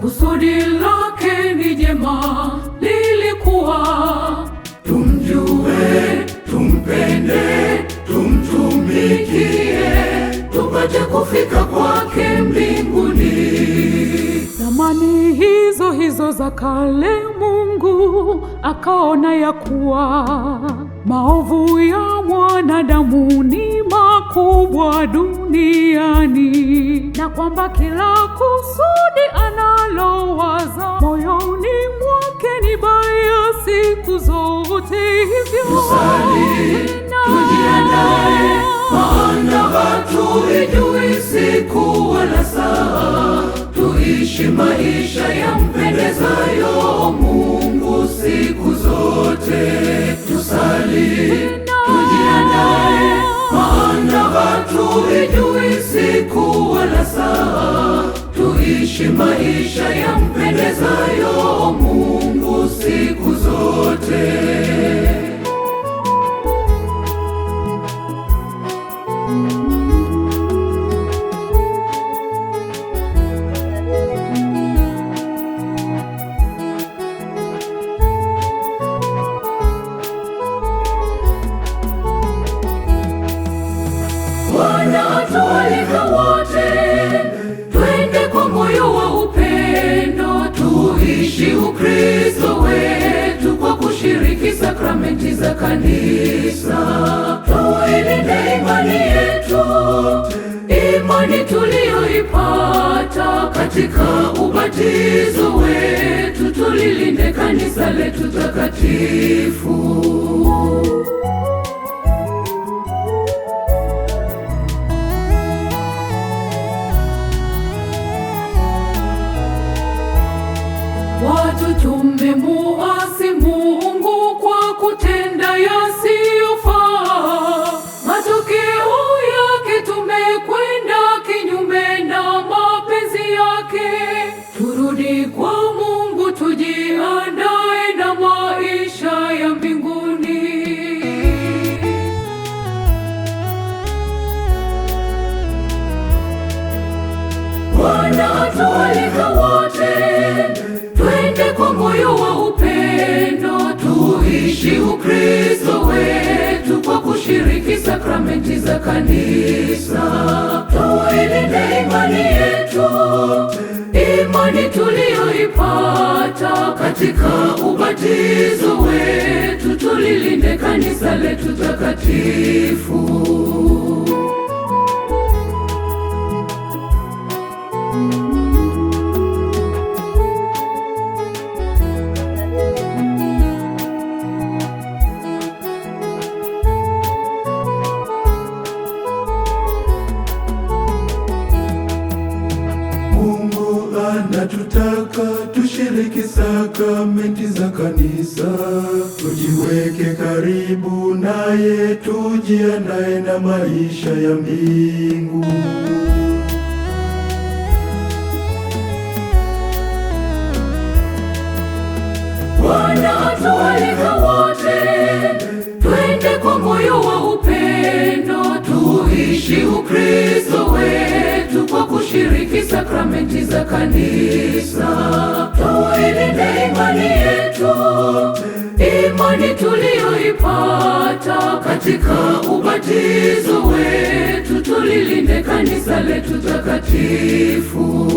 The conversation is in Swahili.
Kusudi lake ni jema, lilikuwa tumjue, tumpende, tumtumikie, tupate kufika kwake mbinguni. Zamani hizo hizo za kale, Mungu akaona ya kuwa maovu ya mwanadamu ni makubwa duniani na kwamba kila kusu zote hizo. Tusali, tujiandae, maana hatuijui siku wala saa, tuishi maisha yampendezayo Mungu siku zote. Tusali, maisha yampendezayo yote. Bwana atualika wote twende kwa moyo wa upendo tuishi Ukristo sakramenti za kanisa, tuilinde imani yetu, imani tuliyoipata katika ubatizo wetu, tulilinde kanisa letu takatifu. Watu tumemuasi kwa kutenda yasiyofaa, matokeo yake tumekwenda kinyume na mapenzi yake. Turudi kwa Mungu, tujiandae na maisha ya mbinguni. Bwana atualika wote twende kwa moyo kuishi Ukristo wetu kwa kushiriki sakramenti za kanisa. Tuilinde imani yetu, imani tuliyoipata katika ubatizo wetu, tulilinde kanisa letu takatifu. Natutaka tushiriki sakramenti za kanisa, tujiweke karibu naye, tujiandae na maisha ya mbingu. Bwana atualika wote twende kwa moyo wa upendo, tuishi Ukristo wetu kwa kushiriki sakramenti za kanisa. Tuilinde imani yetu, imani tuliyoipata katika ubatizo wetu, tulilinde kanisa letu takatifu.